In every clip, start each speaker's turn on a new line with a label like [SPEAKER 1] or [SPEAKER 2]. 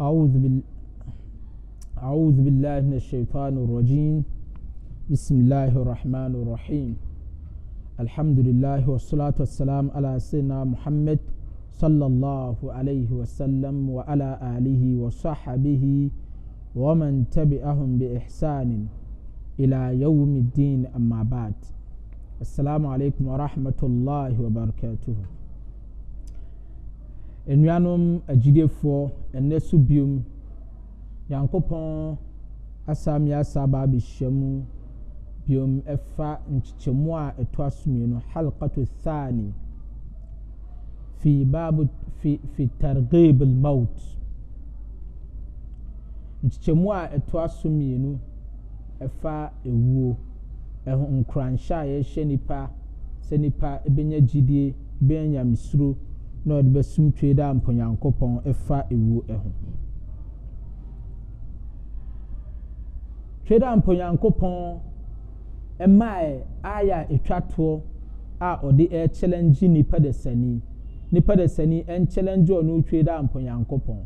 [SPEAKER 1] أعوذ بال أعوذ بالله من الشيطان الرجيم بسم الله الرحمن الرحيم الحمد لله والصلاة والسلام على سيدنا محمد صلى الله عليه وسلم وعلى آله وصحبه ومن تبعهم بإحسان إلى يوم الدين أما بعد السلام عليكم ورحمة الله وبركاته nnuanom agyidefoɔ ɛnɛ so biom nyankopɔn asa mi abɛhyia mu biom ɛfa nkyekyɛmu a ɛtoa so mmienu halqatu thani fi baabu fi fi targhib almaut nkyekyɛmu a ɛtoa so mmienu ɛfa ewuo ɛho nkuranhyɛ a yɛhyɛ nipa sɛ nipa ebenya gyidie ebenya nyamesuro na ɔde bɛsum twe dɛ a mponyankopɔn ɛfa ewu ɛho twe dɛ a mponyankopɔn ɛmaɛ ayɛ a etwa toɔ a ɔde ɛɛkyɛlɛngye nipa dasani nipa dasani ɛnkyɛlɛngye ɔno twe dɛ a mponyankopɔn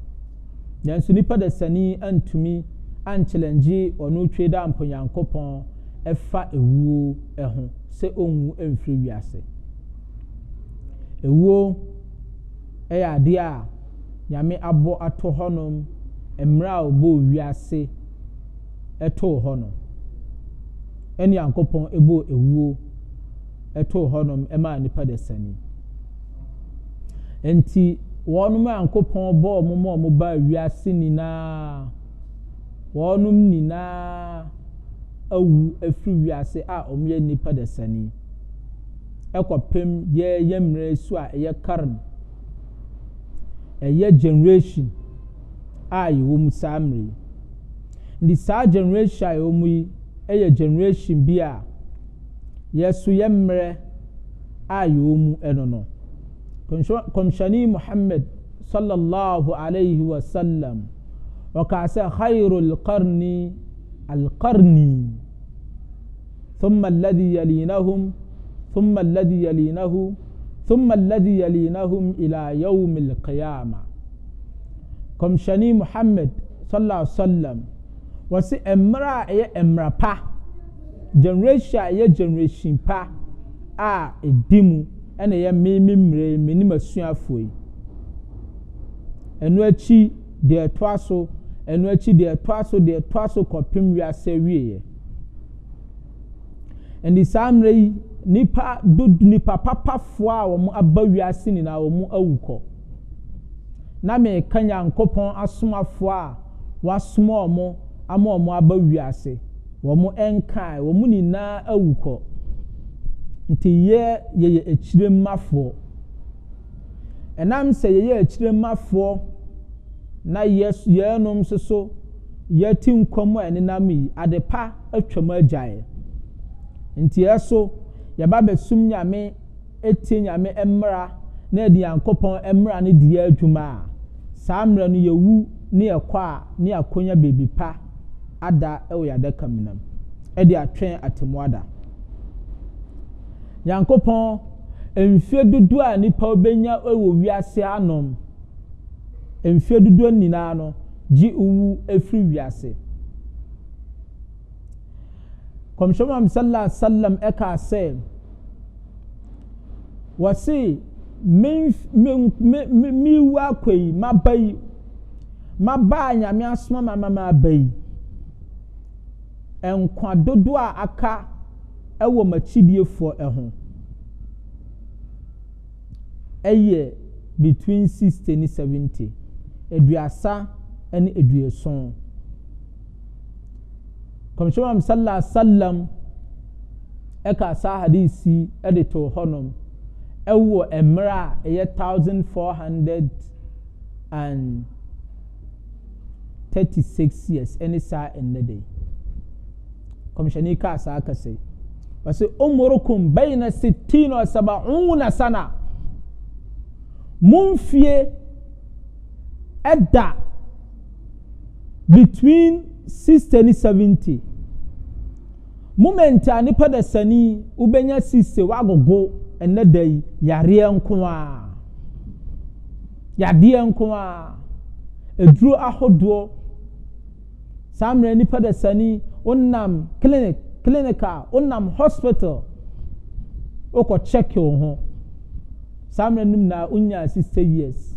[SPEAKER 1] nanso nipa dasani antumi ankyɛlɛngye ɔno twe dɛ a mponyankopɔn ɛfa ewuo ɛho sɛ onwu ɛmfiri wiase ewuo. yɛ adeɛ a nyame abɔ ato hɔnom mmerɛ a ɔbɔ wiase ɛtoo hɔnom ɛne nyankopɔn ɛbɔ ewuo ɛtoo hɔnom ɛmaa nipa de sani nti wɔnom a bɔ bɔɔ mo a ɔmo ba wiase nyinaa wɔnom nyinaa awu afiri wiase a ɔmo yɛ nipa de sani ɛkɔpem yɛyɛ mmerɛ so a ɛyɛ karen. ɛyɛ generation a yɛwɔ mu saa mmere nti saa generation a yɛwɔ mu yi yɛ generation bi a yɛso yɛ mmerɛ a yɛwɔ mu no no kɔmhyɛne muhammad sallallahu alayhi wa sallam ɔkaa sɛ khayro alqarni alqarni thumma الذي yalinahum thumma الذي yalinahum. thumma alladhi ila yawmil qiyama kɔmhyɛne muhammad sallallahu alaihi wasallam wɔsi mmerɛ a ɛyɛ mmerɛ pa generation a ɛyɛ generation pa a ɛdi mu ɛna ɛyɛ mmemme mmerɛ mmenim asuafoɔ yi ɛno akyi deɛ so ɛno akyi deɛ so deɛ so kɔpem wiase wieɛ ɛnni saa mmerɛ nipa dodo nipa papafoɔ a wɔn aba wiase nyinaa wɔn awu kɔ na mɛka nyankopɔn asomafoɔ a wasoma wɔn ama wɔn aba wiase wɔn nkae wɔn nyinaa awu kɔ nti yɛ yɛyɛ akyire mmafoɔ ɛnam sɛ yɛyɛ akyire mmafoɔ na yɛ yɛnom nso so yɛte nkɔm a ɛnenam yi adepa atwam agyae nti ɛso. yɛba bɛsum nyame etie nyame mmra na yɛde yankopɔn mmra no di adwuma a saa mmerɛ no yɛwu ne yɛkɔ a ne yɛakɔnya beebi pa ada wɔ yɛadaka mu nam de atwɛn atemmuada yankopɔn mfie dodoɔ a nipa bɛnya wɔ wiase anom mfie dodoɔ nyinaa no gye owu efiri wiase kɔmhyɛm am sallallahu alaihi wasallam ɛka sɛ wɔsi miwu akɔ yi maba yi maba a nyame asoma ma ma ma aba yi nkwa dodoɔ a aka ɛwɔ m'akyidiefoɔ ɛho ɛyɛ between sixty ne seventy aduasa ɛne aduason. كم شو مام صلى سلم اكا سا حديثي ادي تو هنم امرا اي 1436 years اني سا اندي كم شني كا سا كسي عمركم بين ستين و 70 سنه منفيه ادا between sista ne seventy moment a nipa da sani wobɛnya sista wagogo ɛnɛ da yi yareɛ nko a yadeɛ nko a aduro ahodoɔ saa mmerɛ nipa da sani wonam clinic clinic a wonam hospital wokɔ check wo ho saa mmerɛ no mu na wonya sista years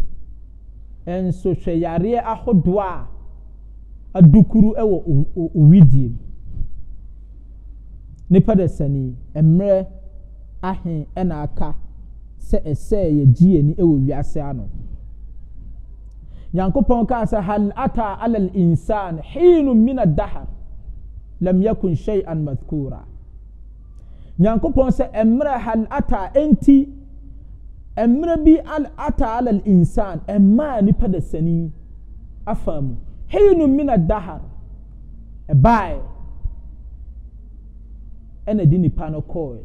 [SPEAKER 1] nso hwɛ yareɛ ahodoɔ a adukuru wɔ owidie mu nipa de sani mmerɛ ahen na aka sɛ ɛsɛ yɛgye yɛn ani wɔ wiase ano nyankopɔn kaa sɛ hal ata ala insan hiinu mina daha lam yakun shay'an madhkura nyankopɔn sɛ mmerɛ hal ata enti mmerɛ bi al ata ala insan mmaa nipa de sani afa mu heinum mina dahar ɛbae ɛna de nipa no kɔɔe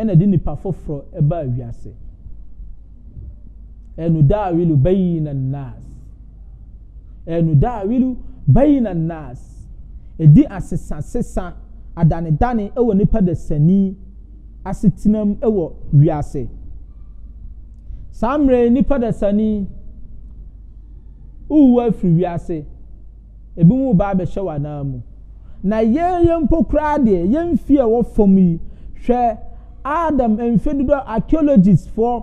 [SPEAKER 1] ɛna de nipa foforɔ ɛbaa wiase ɛnu daawilu bayi na naas ɛnu daawilu bayi na naas ɛdi asesasesa adanedane ɛwɔ nipa dasani asetenam ɛwɔ wiase saa mmerɛ nipa dasani. wowu afiri wiase ebi mu ba abɛhyɛ naa mu na yɛn yɛn mpokura adeɛ deɛ yɛn mfi ɛwɔ fam yi hwɛ adam mfe dodo archaeologist foɔ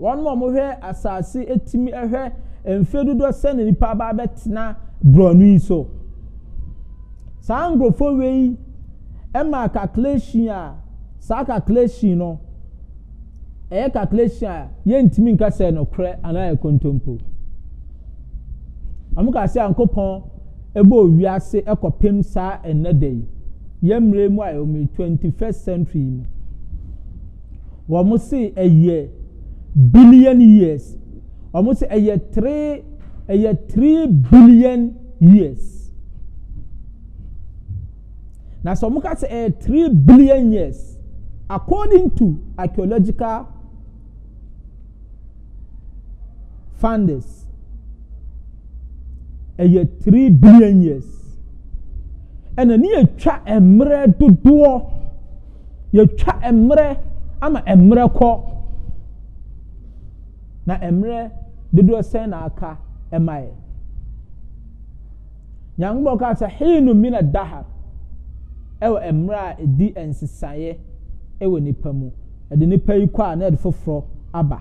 [SPEAKER 1] wɔn ɔmo hwɛ asaase etimi ɛhwɛ mfe dodo sɛ na nipa ba abɛtena borɔno yi so saa nkurɔfoɔ wei yi ɛma calculation a saa calculation no ɛyɛ calculation a yɛntumi nka sɛ no korɛ anaa yɛ kontompo. ɔmo ka se ankopɔn ɛbɔ owiase ɛkɔpem saa ɛnɛ da yi yɛmmerɛ mu a ɛwɔ twenty first century mu wɔn se ɛyɛ billion years wɔn se ɛyɛ three ɛyɛ three billion years na sɛ wɔn ka sɛ ɛyɛ three billion years according to archaeological findings ɛyɛ three billion years ɛna ne yɛtwa mmerɛ dodoɔ yɛtwa mmerɛ ama mmerɛ kɔ na mmerɛ dodoɔ sɛn na aka ɛma yɛ nyankopɔn kaa sɛ hiinu mina dahar ɛwɔ mmerɛ a ɛdi nsesaeɛ ɛwɔ nipa mu ɛde nipa yi kɔ a na ɛde foforɔ aba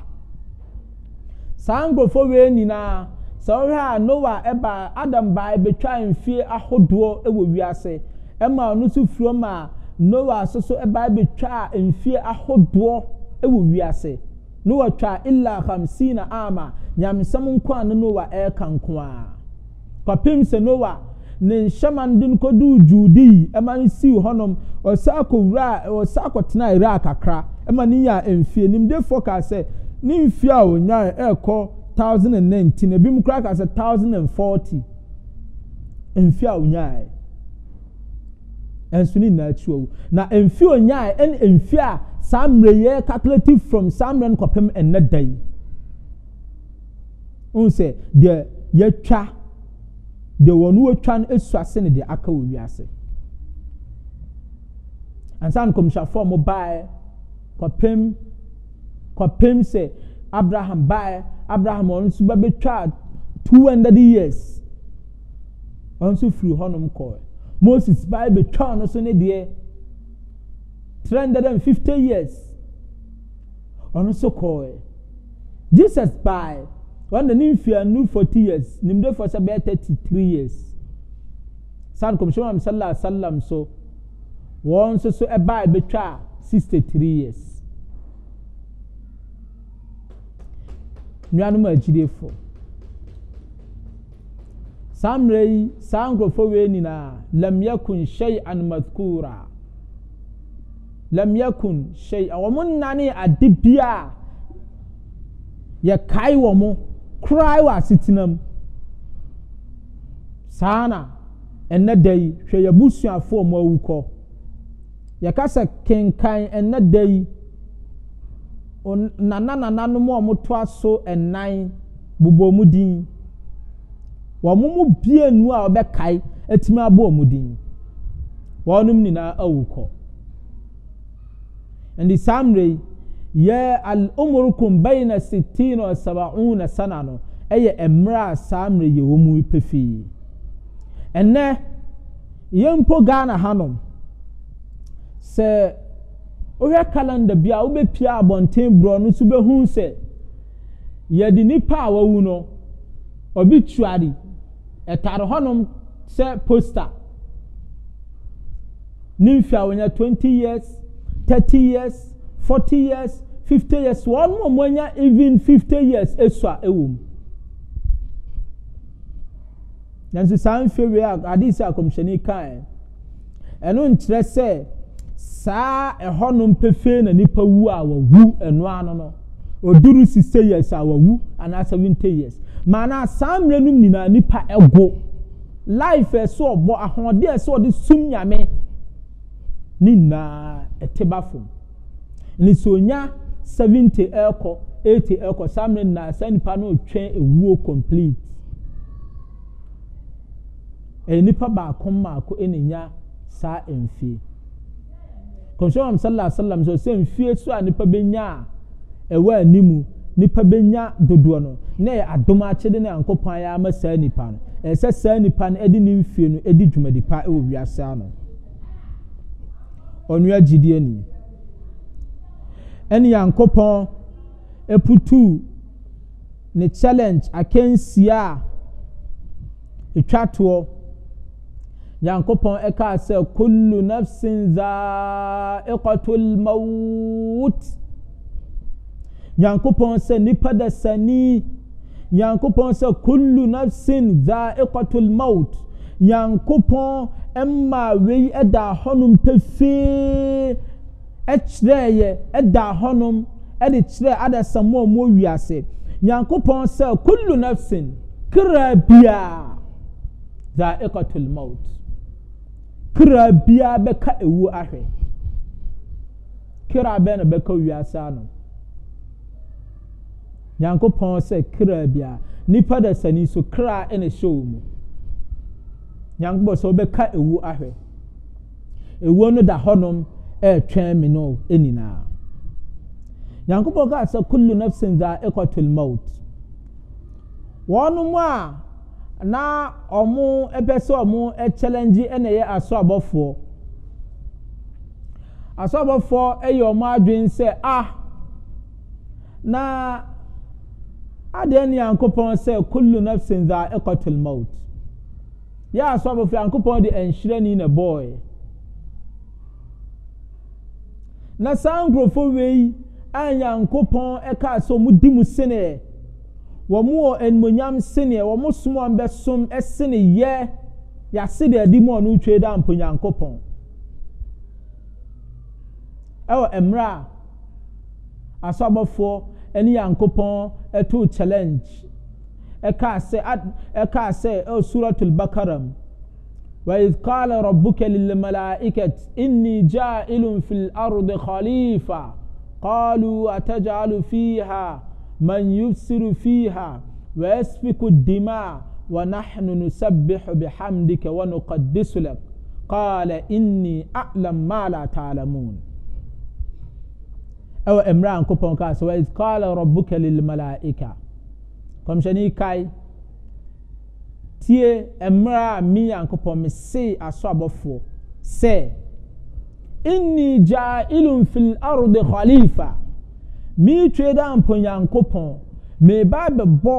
[SPEAKER 1] saa nkurɔfoɔ wei nyinaa sɛ wohwɛ a noa ɛba adam baa ɛbɛtwa mfie ahodoɔ ɛwɔ wiase ɛma ɔno nso furo mu a noa nso so ɛba ɛbɛtwa mfie ahodoɔ ɛwɔ wiase noa twa illa hamsina ama nyamesɛm nko a ne noa ɛreka nko a kɔpem sɛ noa ne nhyɛma no de no kɔduu juudi ɛma no siw hɔnom ɔsa akɔwura ɔsa akɔtena ira kakra ɛma ne nya mfie nimdefoɔ kaa sɛ ne mfie a onyaa ɛrekɔ thousand and nineteen ebi mu crack as a thousand and forty mfe a onyaa nso ne nyinaa akyi owu na mfe onyaa ɛne mfe a saa mmerɛ yɛ calculative from saa mmerɛ no kɔpem ɛnna da yi n sɛ deɛ yɛtwa deɛ wɔn wɔtwa no esu ase ne deɛ aka wɔ wiase ansa nkɔmhyɛfoɔ mo baeɛ kɔpem kɔpem sɛ abraham baeɛ abraham ɔno nso bɛbɛtwa two hundred years ɔno nso firi hɔnom kɔɔ moses bible twa ɔno so ne deɛ three hundred and fifty years ɔno nso kɔɔ jesus baa ɔno ne mfianu forty years nimdefoɔ sɛ bɛyɛ thirty three years san kɔmhyɛn wa sallam so wɔn nso so ɛbaa bɛtwa sixty three years. nnuanom agyirefo saa mmerɛ yi saa nkurɔfoɔ wei nyinaa lam yakun shay'an madhkura lam yakun shay'an wɔn nnane ade bia a yɛkae wɔn mo koraa wɔ asetena mu saa na ɛnna da yi hwɛ yɛ busuafoɔ mo yɛkasa kenkan ɛnna da yi. nana nana no nananom a wɔtoa so nnan bobɔ mu din wɔn mu bienu a wɔbɛkae atumi abɔ wɔn din wɔn nyinaa awu kɔ ndi saa mmerɛ yi yɛ al'umurukum bɛyi na sitin na saba'un na sana no ɛyɛ mmerɛ a saa mmerɛ yɛ wɔn mu pefee ɛnɛ yɛn mpo ghana hanom sɛ. wohwɛ calendar bi a wobɛpia abɔnten borɔ no nso bɛhu sɛ yɛde nipa a wawu no obi tuare ɛtare hɔnom sɛ poster ne mfe a wɔnya 20 years 30 years 40 years 50 years wɔn mu wɔnya even 50 years esu a ɛwɔ mu nanso saa mfe wei a ade sɛ akɔmhyɛni kan ɛno nkyerɛ sɛ saa ɛhɔnom pefee na nipa wu a wawu ɛnoa no no oduru sise years a wawu anaa seventy years maana saa mmerɛ no nyinaa nipa ɛgo life ɛso ɔbɔ ahoɔden ɛso ɔde sum nyame ne nyinaa ɛte ba fam ne so onya seventy ɛɛkɔ eighty ɛɛkɔ saa mmerɛ nyinaa saa nipa no retwɛn ewuo complete ɛyɛ nipa baako mmaako ɛna nya saa mfie kɔmhyɛn sallallahu alaihi wasallam sɛ sɛ mfie so a nipa benya a ɛwɔ animu nipa benya dodoɔ no na yɛ adom akyɛde na yankɔpɔn ayɛ ama saa nipa no ɛsɛ saa nipa no ɛde ne mfie no ɛde dwumadi ɛwɔ wiase ano ɔnua gyidie ni ɛne yankɔpɔn ɛputu ne challenge akansia a etwa toɔ nyankopɔn ɛkaa sɛ kullu nafsin za'iqatul maut nyankopɔn sɛ nipa da sani nyankopɔn sɛ kullu nafsin za'iqatul maut nyankopɔn ɛmaa wei ɛda hɔnom pefee ɛkyerɛɛ yɛ ɛda hɔnom ɛde kyerɛɛ adasamɔ mu wiase nyankopɔn sɛ kullu nafsin kra biaa za'iqatul maut kra biara bɛka ewuo ahwɛ kra bɛn na bɛka wiase ano nyankopɔn sɛ kra biara nipa da sani so kra ɛna ɛhyɛ wɔn mu nyankopɔn sɛ ɔbɛka ewuo ahwɛ ewuo no da hɔnom ɛretwɛn mi no nyinaa nyankopɔn kaa sɛ kullu nafsin dza ɛkɔtol mawut wɔn mu a. na ọmụ ebe sị ọmụ e challenge e e ah! na ɛyɛ asọabɔfoɔ asọabɔfoɔ ɛyɛ ɔmụ adwene sɛ a na adeɛ ne yankopɔn sɛ kullu nafsin dha iqatul maut yɛ asọabɔfoɔ yankopɔn de nhyiren na bɔɔɛ na saa nkurɔfoɔ wei a yankopɔn ɛka sɛ ɔmụ di mu sene wɔn wɔ animonyam sene wɔn som a bɛsom sene yɛ yɛase deɛ ɛdi mu a ɔno retwe da mponyankopɔn ɛwɔ mmerɛ a aso abɔfoɔ ne yankopɔn ɛtoo challenge ɛkaa sɛ at ɛkaa sɛ ɛwɔ suratul bakara mu وإذ قال ربك للملائكة إني جائل في الأرض خليفة قالوا أتجعل فيها من يفسر فيها ويسفك الدماء ونحن نسبح بحمدك ونقدس لك قال إني أعلم ما لا تعلمون ɛwɔ mmerɛ a nkopɔn kaa sɛ wais kala rabuka lilmalaika kɔmhyɛne kae tie mmerɛ a me nyankopɔn mesee aso abɔfoɔ sɛ inni jailun fi larde khalifa meretwe dɛ amponyankopɔn meba abɛbɔ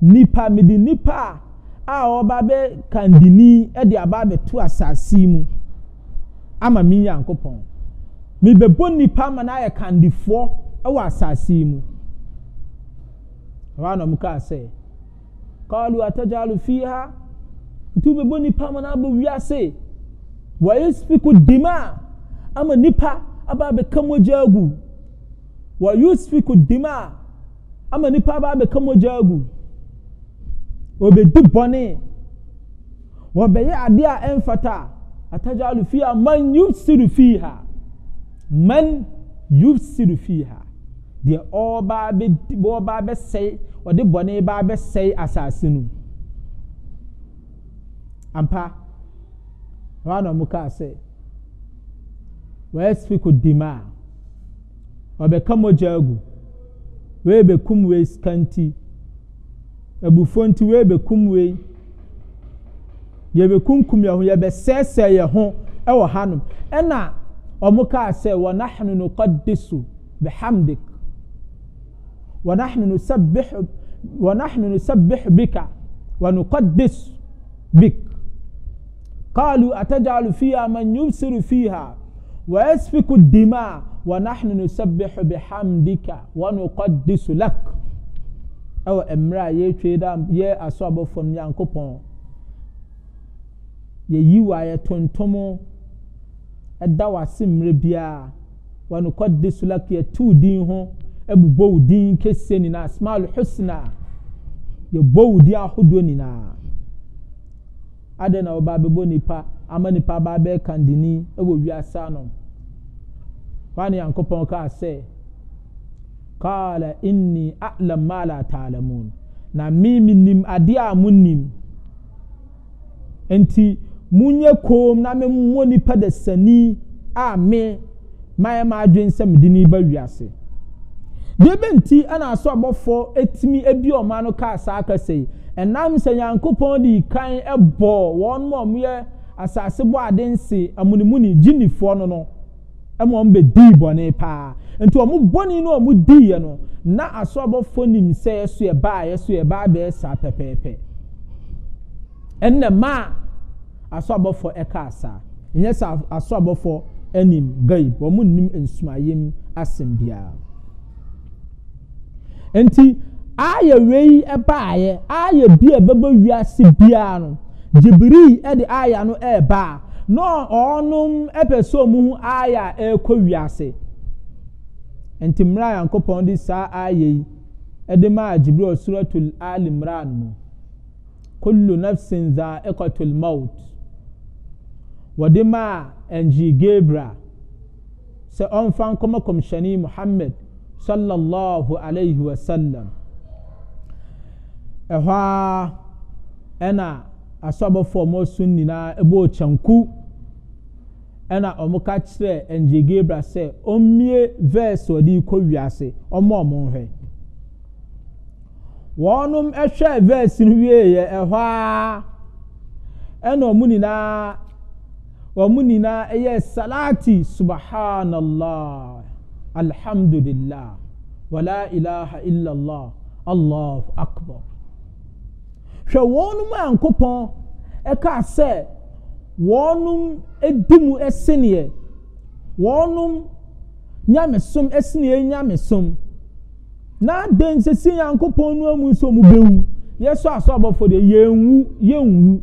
[SPEAKER 1] nipa mede nipa a ɔba bɛ kandini de aba abɛto asase mu ama me nyankopɔn mebɛbɔ nipa ama no ayɛ kandifoɔ wɔ asase mu ɛhɔ anam kaa sɛ kalu atagyalu ha nti wobɛbɔ nipa ama no aba wiase wɔyɛ spiku dima ama nipa aba abɛka mogya agu wɔ yusufiku dima ama nipa ba abɛka mogya agu obedi bɔne wɔbɛyɛ adeɛ a ɛmfata atagyalu fi ha man yusiru fi ha man yusiru fi ha deɛ ɔba abɛdi ɔba abɛsɛe ɔde bɔne ba abɛsɛe asase no ampa wɔn a na wɔn kaa sɛ wɔyɛ sifiku dima ɔbɛka mogya agu wei bɛkum wei sika nti abufuo nti wei bɛkum wei yɛbɛkunkum yɛn ho yɛbɛsɛɛsɛɛ yɛn ho ɛwɔ hanom ɛna ɔmo kaa sɛ wɔnahno no kɔdiso bihamdik wɔnahno no sabihu wɔnahno no sabihu bika wɔno kɔdiso bik قالوا أتجعل فيها من يبصر فيها ويسفك الدماء ونحن نسبح بحمدك ونقدس لك أو أمرا يتوي دام يا أصحاب فم يانكوبون يي واي تونتومو ɛda wase mmerɛ biara wɔn kɔ de solak yɛtu din ho ɛbobɔ wo din kɛseɛ nyinaa smile hosina yɛbɔ wo din ahodoɔ nyinaa adan na ɔba abɛbɔ nipa ama nipa ba bɛyɛ kandini ɛwɔ wiase ano wani yankopɔn kaa sɛ kaala inni a'lam ma la ta'lamun na mimi nim adeɛ a mo nim nti munyɛ koom na me mmɔ nipa da sani a me mayɛ ma adwene sɛ mede ne ba wiase deɛ bɛ nti ɛna aso abɔfoɔ etimi ebi ɔmo ano kaa saa akasa yi ɛnam sɛ nyankopɔn de kan ɛbɔ wɔn mo a ɔmo yɛ. asase bɔ ade nse amunimuni gyinifoɔ no no ɛma wɔn bɛdii bɔne paa nti wɔn bɔne no a wɔn diiɛ no na asɔbɔfoɔ nim sɛ ɛso yɛ baa yɛso yɛ baa bɛyɛ saa pɛpɛɛpɛ ɛnna mmaa asɔbɔfoɔ ɛka asa nyɛ sɛ asɔbɔfoɔ anim gai wɔn nim nsumayɛm asɛm biara nti ayɛ wei ɛbaayɛ ayɛ bi a ɛbɛbɛ wiase biara no. jibril ɛde aya no ɛɛba na ɔnom ɛpɛ sɛ ɔmo ho aya ɛɛkɔ wiase nti mmerɛ yankopɔn de saa aya yi ɛde maa jibril suratul ali mmerɛ no kullu nafsin za ɛkɔtul maut wɔde maa ɛngyi gabriel sɛ ɔmfa nkɔmɔ kɔmhyɛne muhammad sallallahu alaihi wasallam ɛhɔ a ɛna asɔbɔfoɔ ɔmo so nyinaa ɛbɔ kyanku ɛna ɔmo ka kyerɛ ɛngye gebra sɛ ɔmmie verse ɔde kɔ wiase ɔmo ɔmo hwɛ wɔnom ɛhwɛ verse no wie yɛ ɛhɔ a ɛna ɔmo nyinaa ɔmo nyinaa ɛyɛ salati subhanallah alhamdulillah wala ilaha illallah Allah akbar. hwɛ wɔnom a nkopɔn ɛkaa sɛ wɔnom di mu seneɛ nyamesom nyamesom na den sisi nyankopɔn no amu nso mu bɛwu yɛsɔ asɔ abɔfo deɛ yɛnwu yɛnwu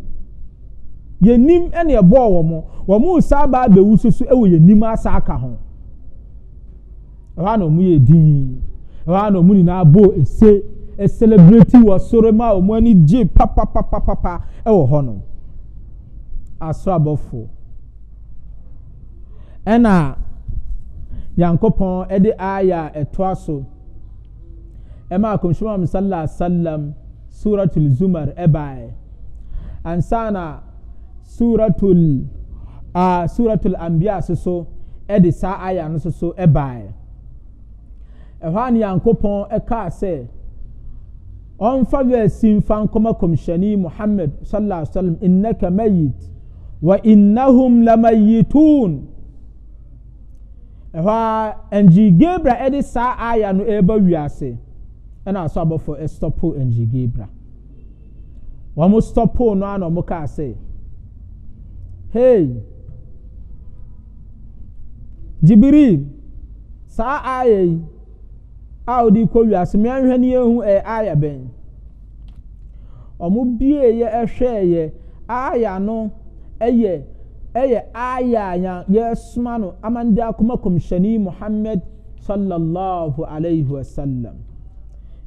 [SPEAKER 1] yɛnim ɛna ɛbɔɔ wɔn wɔn saa baa bɛwu soso ɛwɔ yɛnim asa aka ho ɛhɔ a na yɛ dinn nyinaa bɔ ɛselebreti wɔ soro mu a wɔn ani gye papapapapa ɛwɔ hɔnom aso abɔfo ɛna nyankopɔn ɛde aya ɛtoa so ɛma akɔmhyɛm am sallallahu sallam suratul zumar ɛbaeɛ ansana suratul a suratul anbiya soso ɛde saa aya no soso ɛbaeɛ ɛhɔ a ne nyankopɔn ɛkaa sɛ ɔmfa verse mfa nkɔma kɔmhyɛni muhammad sallallahu alaihi wa sallam innaka mayit wa innahum lamayitun ɛhɔ a ngyi gebra ɛde saa aya no ɛreba wiase ɛna asɔ abɔfo ɛstɔpo ngyi gebra wɔn stɔpo no ano wɔn kaa sɛ hey jibiri saa aya yi a wɔde kɔ wiase mmea nhwɛ ne yɛn aya bɛn wɔn bieeɛ ɛhwɛɛyɛ aya no ɛyɛ ɛyɛ aya a ya yɛsoma no amande akoma kɔmhyɛni muhammed sallallahu alayhi wa sallam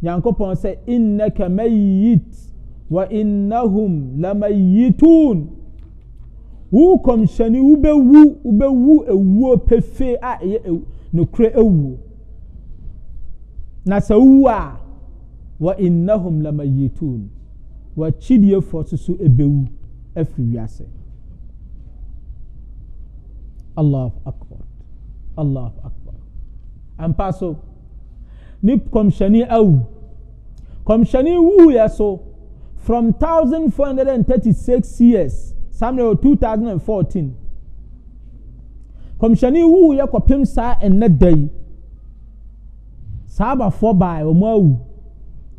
[SPEAKER 1] nyankopɔn sɛ innaka mayit wa innahum lamayitun wo kɔmhyɛni wobɛwu wobɛwu ewuo pefee a ɛyɛ nokura ewuo na sɛ wuwa wa innahum lamayitun w'akyidiefoɔ soso ebewu ɛfiri wiase Allah akbar Allah akbar ampa so ne kɔmhyɛni awu kɔmhyɛni wuuyɛ so from thousand four hundred and thirty six years samuel two thousand and fourteen kɔmhyɛni wuuyɛ kɔpem saa ɛnɛ da yi saa abafoɔ baa wɔn awu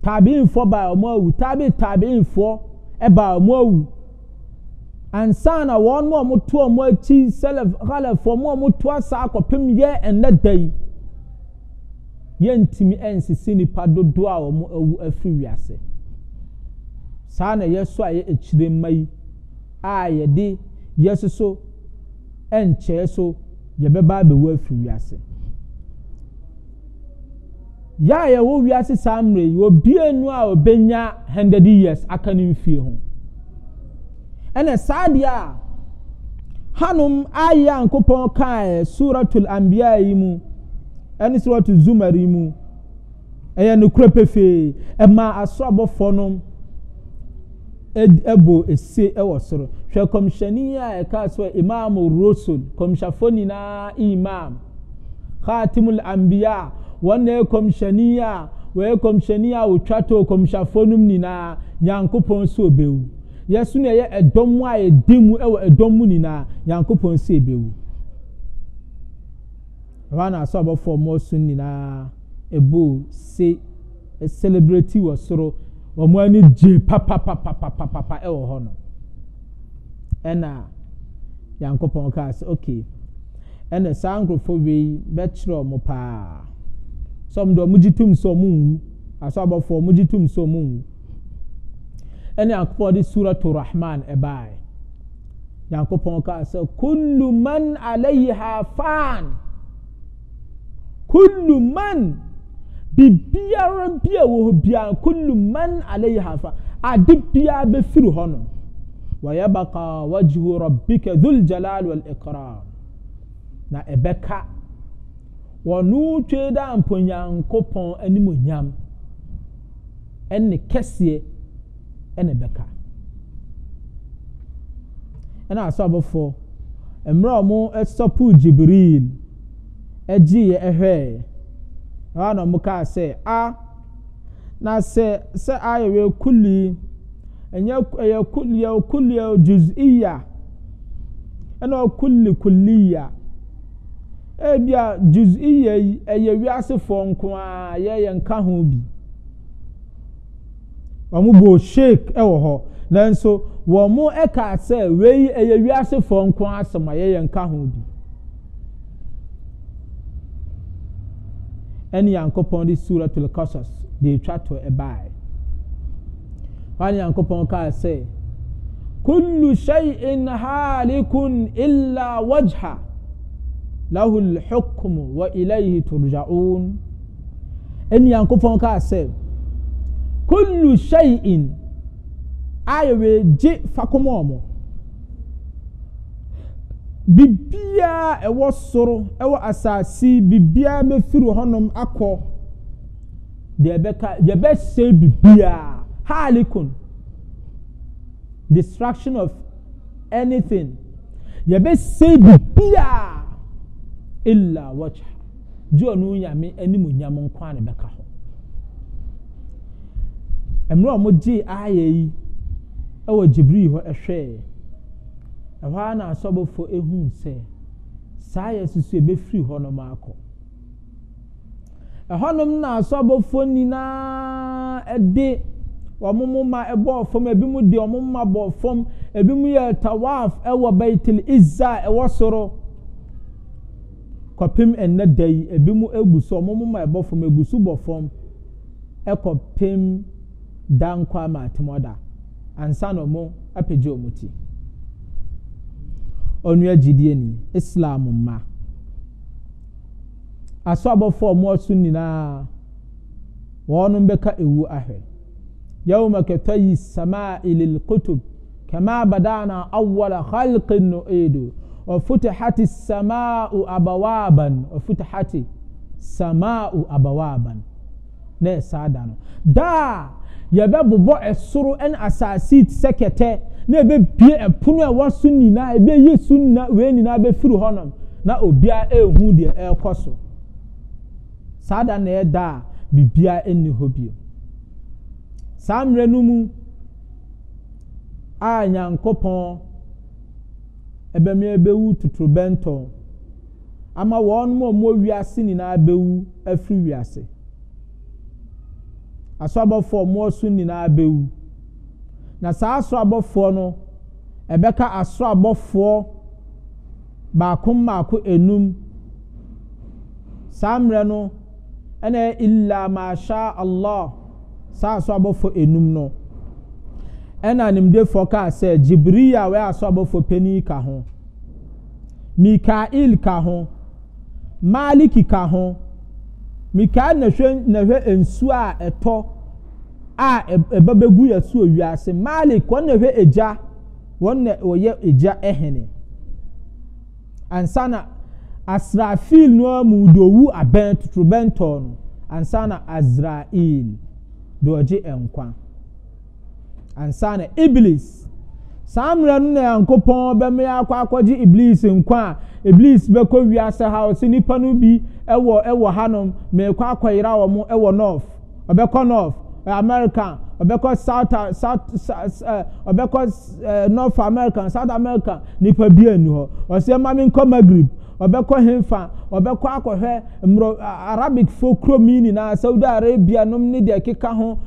[SPEAKER 1] tabiinfoɔ baa wɔn awu tabi tabiinfoɔ ɛbaa wɔn awu ansan na wɔn a wɔto wɔn akyi sɛlɛf halafoɔ wɔn a wɔto asa akɔpem yɛ ɛnɛ da yi yɛntumi ɛnsisi nipa dodoɔ a wɔn awu afiri wiase saa na yɛ so a yɛ akyire mma yi a yɛde yɛ soso ɛnkyɛɛ so yɛbɛba abɛwu afiri wiase yà a yɛwɔ wiase saa mmerɛ yi obie nu a obenya hundred years aka ne mfie ho ɛnna saa deɛ a hanom ayɛ a nkopɔn kaeɛ suratul anbiya yi mu ɛne suratul zumar yi mu ɛyɛ nokura pefee ɛma asorɔbɔfoɔ nom ɛbɔ ese ɛwɔ soro hwɛ kɔmhyɛni a ɛka so imam rosul kɔmhyɛfoɔ nyinaa imam khatimul anbiya wɔn ekɔmhyɛni a wɔyɛ kɔmhyɛni a wɔtwa to kɔmhyɛfoɔ no mu nyinaa nyankopɔn nso obewu yɛso na ɛyɛ ɛdɔm a yɛdi mu ɛwɔ ɛdɔm mu nyinaa nyankopɔn nso ebewu ɛhɔ na asɔ abɔfoɔ ɔmo so nyinaa ebo se ɛselebreti e wɔ soro ɔmo ani gye papapapapapa ɛwɔ hɔ no ɛna nyankopɔn kaa sɛ okay ɛna saa nkurɔfoɔ wei bɛkyerɛ ɔmo paa. sọm dọ mugye tum sọ mu nwu aso abɔfoɔ mugye tum sọ mu nwu ɛne akopɔn de suratu rahman ɛbaeɛ e nyankopɔn kaa sɛ kullu man alayha fan kullu man biribiara bi a wɔ hɔ biara kullu man alayha fan ade biara bɛfiri hɔ no wɔyɛ baka wajhu rabbika dhul jalal wal ikram na ɛbɛka e wɔno twe da mponyankopɔn anim onyam ɛne kɛseɛ ɛne bɛka ɛna asɔ abɔfoɔ mmerɛ a wɔn ɛsɔpo gibril ɛgyeeɛ ɛhwɛɛ ɛhɔ na wɔn kaa sɛ a na sɛ sɛ ayɛ wɛ kuli ɛnyɛ ɛyɛ kuli yɛ kuli yɛ juz iya ɛna kuli kuliya. ebia juz iye yi ɛyɛ wiasefoɔ nko a yɛyɛ nka ho bi wɔn bɔ sheik ɛwɔ e hɔ nanso wɔn ɛka e sɛ wei ɛyɛ wiasefoɔ nko asɛm a yɛyɛ nka ho bi ɛne yankopɔn de sura to lekɔsɔs de etwa to ɛbaaɛ wɔn yankopɔn kaa sɛ kullu shay'in halikun illa wajha lahul hukmu wa ilayhi turja'un ɛni yankofɔn kaa sɛ kullu shay'in a yɛwɛ gye fakoma ɔmo bibiaa ɛwɔ soro ɛwɔ asaase bibiaa bɛfiri hɔnom akɔ deɛ ɛbɛka deɛ bibiaa haalikun destruction of anything yɛbɛsɛ bibiaa. illa wajha gye ɔno nyame anim nyam nko a bɛka ho mmerɛ a wɔgyee ayɛ yi wɔ gyibrii hɔ hwɛɛ ɛhɔ ara na asɔbɔfo ehu sɛ saa ayɛ soso akɔ ɛhɔnom na asɔbɔfo nyinaa de wɔn mma bɔɔ fam ebinom de wɔn mma fam yɛ tawaf wɔ baitil izza soro. kɔpem ɛnɛ da yi ebi mu egu so ɔmo mo ma ɛbɔ fam egu so bɔ fam ɛkɔpem da nkɔ ama atemɔda ansa na ɔmo apagye ɔmo ti ɔnua gyidie ni islam mma aso abɔfo ɔmo ɔso nyinaa wɔn bɛka ewu ahwɛ yawon makata yi sama ilil kutub kama badana awwala khalqin no edo ɔfutihati samaa'u abawaaban ɔfutihati samaa'u abawaaban na ɛsaa da no daa yɛbɛbobɔ ɛsoro ɛne asaase sɛ kɛtɛ na ɛbɛbie ɛpono a ɛwɔ so nyinaa ɛbɛyi so nyinaa wei nyinaa bɛfiri hɔnom na obiara ɛrehu deɛ ɛrekɔ so saa da na ɛda a biribiara ɛnni hɔ bio saa mmerɛ no mu a nyankopɔn ebe m tutu tuturubɛntɔ ama wɔn a wɔn wiase nyinaa bewu afiri wiase asɔabɔfoɔ a wɔn so nyinaa bewu na saa asɔabɔfoɔ no ɛbɛka asɔabɔfoɔ baako mmaako enum saa mmerɛ no ɛna illa masha allah saa asɔabɔfoɔ enum no. ɛna nimdefoɔ kaa sɛ gyibril a wɔyɛ asɔ abɔfo panyin ka ho mikael ka ho malik ka ho mikael na hwɛ na hwɛ nsuo a ɛtɔ a ɛba bɛgu yɛ owiase malik wɔn na hwɛ egya wɔn na wɔyɛ egya ɛhene ansana asrafil noa mu de owu abɛn totorobɛntɔn no ansana azrael de ɔgye nkwa ansa na iblis saa mmerɛ no na nyankopɔn bɛma yɛ akɔ akɔgye iblis nkwa a iblis bɛkɔ wiase ha ɔsɛ nnipa no bi ɛwɔ ɛwɔ hanom mɛkɔ akɔyera wɔn ɛwɔ north ɔbɛkɔ north eh, america ɔbɛkɔ south eh, south ɔbɛkɔ eh, north america south america nnipa bi anu hɔ ɔsɛ mami nkɔ magrib ɔbɛkɔ hemfa ɔbɛkɔ akɔhwɛ mmorɔ arabicfoɔ kurom yi nyinaa saudi arabia nom ne deɛ ɛkeka ho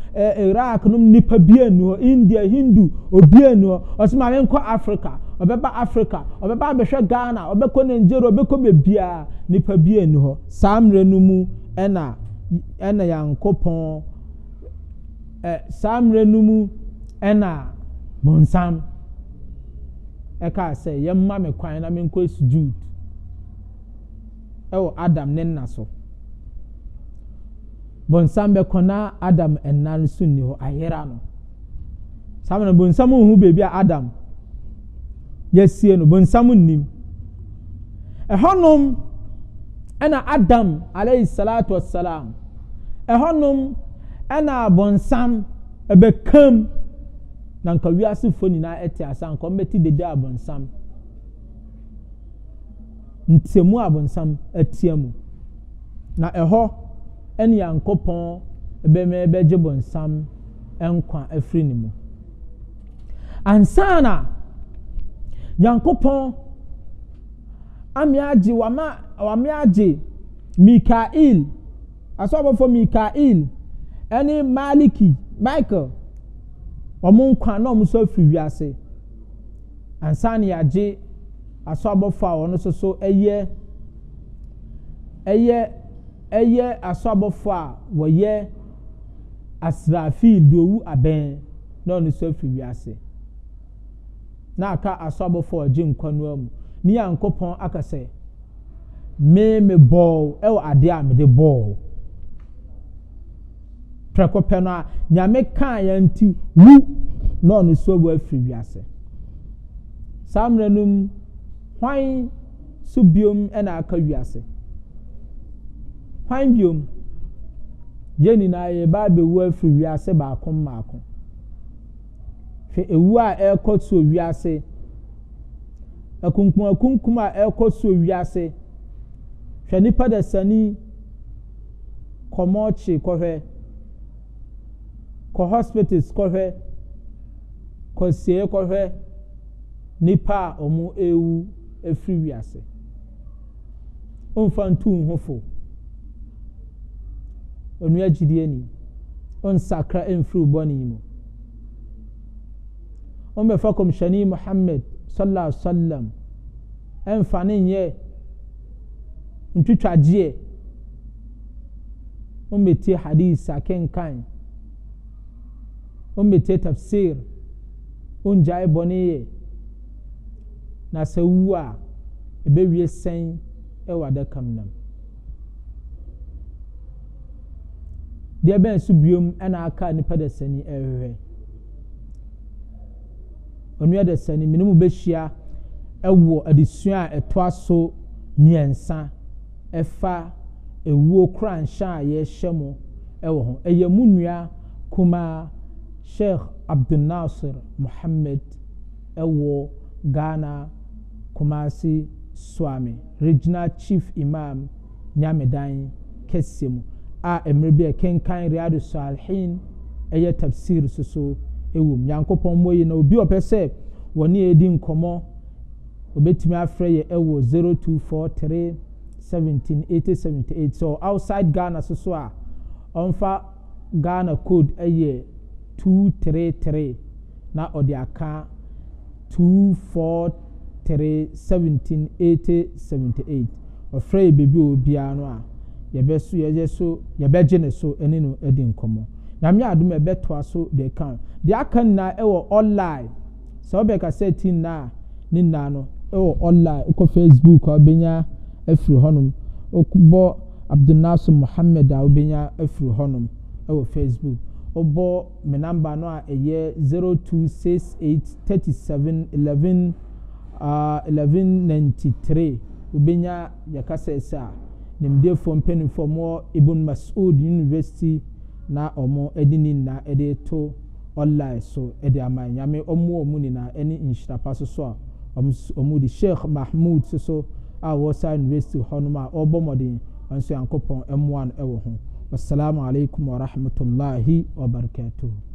[SPEAKER 1] iraq nom nnipa bia nu india hindu obia nu hɔ ɔsɛ maame nkɔ africa ɔbɛba africa ɔbɛba abɛhwɛ ghana ɔbɛkɔ nigeria ɔbɛkɔ bebia nnipa bia nu hɔ saa mmerɛ no mu ɛna ɛna yankopɔn ɛ saa mmerɛ no mu ɛna bɔnsam ɛka sɛ yɛmma me kwan na menkɔ sujud ɛwɔ adam ne nna so bɔnsam bɛkɔ na adam nna nso nni hɔ ayera no saa mena bɔnsam nhu beebi a adam yɛsie no bɔnsam nnim ɛhɔnom ɛna adam alayi salatu wasalam ɛhɔnom ɛna bɔnsam ɛbɛkam na nka wiasefoɔ nyinaa ɛte asa nka ɔmbɛte dede abɔnsam ntiamu abonsam atia na ɛhɔ ɛne yankopɔn bɛmɛ bɛgye bonsam nkwa afiri ne mu ansana yankopɔn ame agye wama wame agye mikael asɔbɔfo mikael ɛne maliki michael wɔn nkwa na wɔn nso afiri wiase ansana yagye asɔ abɔfo a wɔn nso so ɛyɛ ɛyɛ ɛyɛ asɔ abɔfo a wɔyɛ asraafi dowu abɛn na ɔno nso afiri wiase na aka asɔ abɔfo a ɔgye nkɔnua mu ne yankopɔn aka sɛ mee me bɔɔl ɛwɔ adeɛ a mede bɔɔl prɛko pɛ no a nyame kaa yɛn ti wu na ɔno nso wɔ afiri wiase saa mmerɛ no mu hwan so biom na aka wiase hwan biom yɛn nyinaa yɛ ba abɛwu afiri wiase baako mmaako hwɛ ewu a ɛrekɔ so wiase akunkum akunkum a ɛrekɔ so wiase hwɛ nipa dasani kɔmɔɔkye kɔhwɛ kɔ hospitals kɔhwɛ kɔsie kɔhwɛ nipa a wɔn rewu efiri wiase ɔnfa ntu ho fo onua gyidie ni ɔnsakra mfiri bɔne mu ɔmbɛfa kɔmhyɛne muhammad sallallahu alaihi wasallam ɛmfa ne nyɛ ntwitwagyeɛ ɔmbɛtie hadis akenkan ɔmbɛtie tafsir ɔngyae bɔne yɛ na sɛ wu a ɛbɛwie sɛn ɛwɔ adaka mu nam deɛ bɛn so biom ɛna aka nipa dasani ɛrehwɛ onua dasani mene mu bɛhyia ɛwɔ adesua a ɛtoa so mmiɛnsa ɛfa ewuo koranhyɛ a yɛhyɛ mu ɛwɔ ho ɛyɛ mu nua kumaa sheikh abdulnasir muhammed ɛwɔ ghana Kumasi swami regional chief imam nyamedan kɛseɛ mu a mmerɛ bi a kenkan riadu Salhin. ɛyɛ tafsir Soso. so ɛwɔ mu nyankopɔn mmɔ yi na obi ɔpɛ sɛ wɔne yɛdi nkɔmmɔ obetumi afrɛ yɛ ɛwɔ zero two four three seventeen eighty seventy eight so outside ghana Soso. so a ɔnfa ghana code ɛyɛ two three three na ɔde aka two four three seventeen eighty seventy eight ɔfrɛ yɛ beebi wɔ biara no a yɛbɛ so yɛyɛ so yɛbɛgye ne so ɛne no ɛdi nkɔmɔ nyame adum ɛbɛtoa so deɛ kan deɛ aka nyinaa ɛwɔ ɔlae sɛ ɔbɛka sɛ ti nyinaa ne nyinaa no ɛwɔ ɔlae wokɔ facebook a wobɛnya afiri hɔnom wobɔ abdulnasir muhammed a wobɛnya afiri hɔnom ɛwɔ facebook wobɔ me namba no a ɛyɛ zero two six eight thirty seven eleven uh, ah, 1193 wobɛnya yɛkasa sɛ a nimdefoɔ mpanimfoɔ mɔ ibn masud university na ɔmo de ne nyinaa de to online so de ama nyame ɔmo ɔmo nyinaa ne nhyira pa so so a ɔmo de sheikh mahmood so so a wɔsa university hɔnom a ɔrebɔ mmɔden ɔnso yankopɔn mmoa no wɔ ho wassalamu alaikum warahmatullahi wabarakatuhu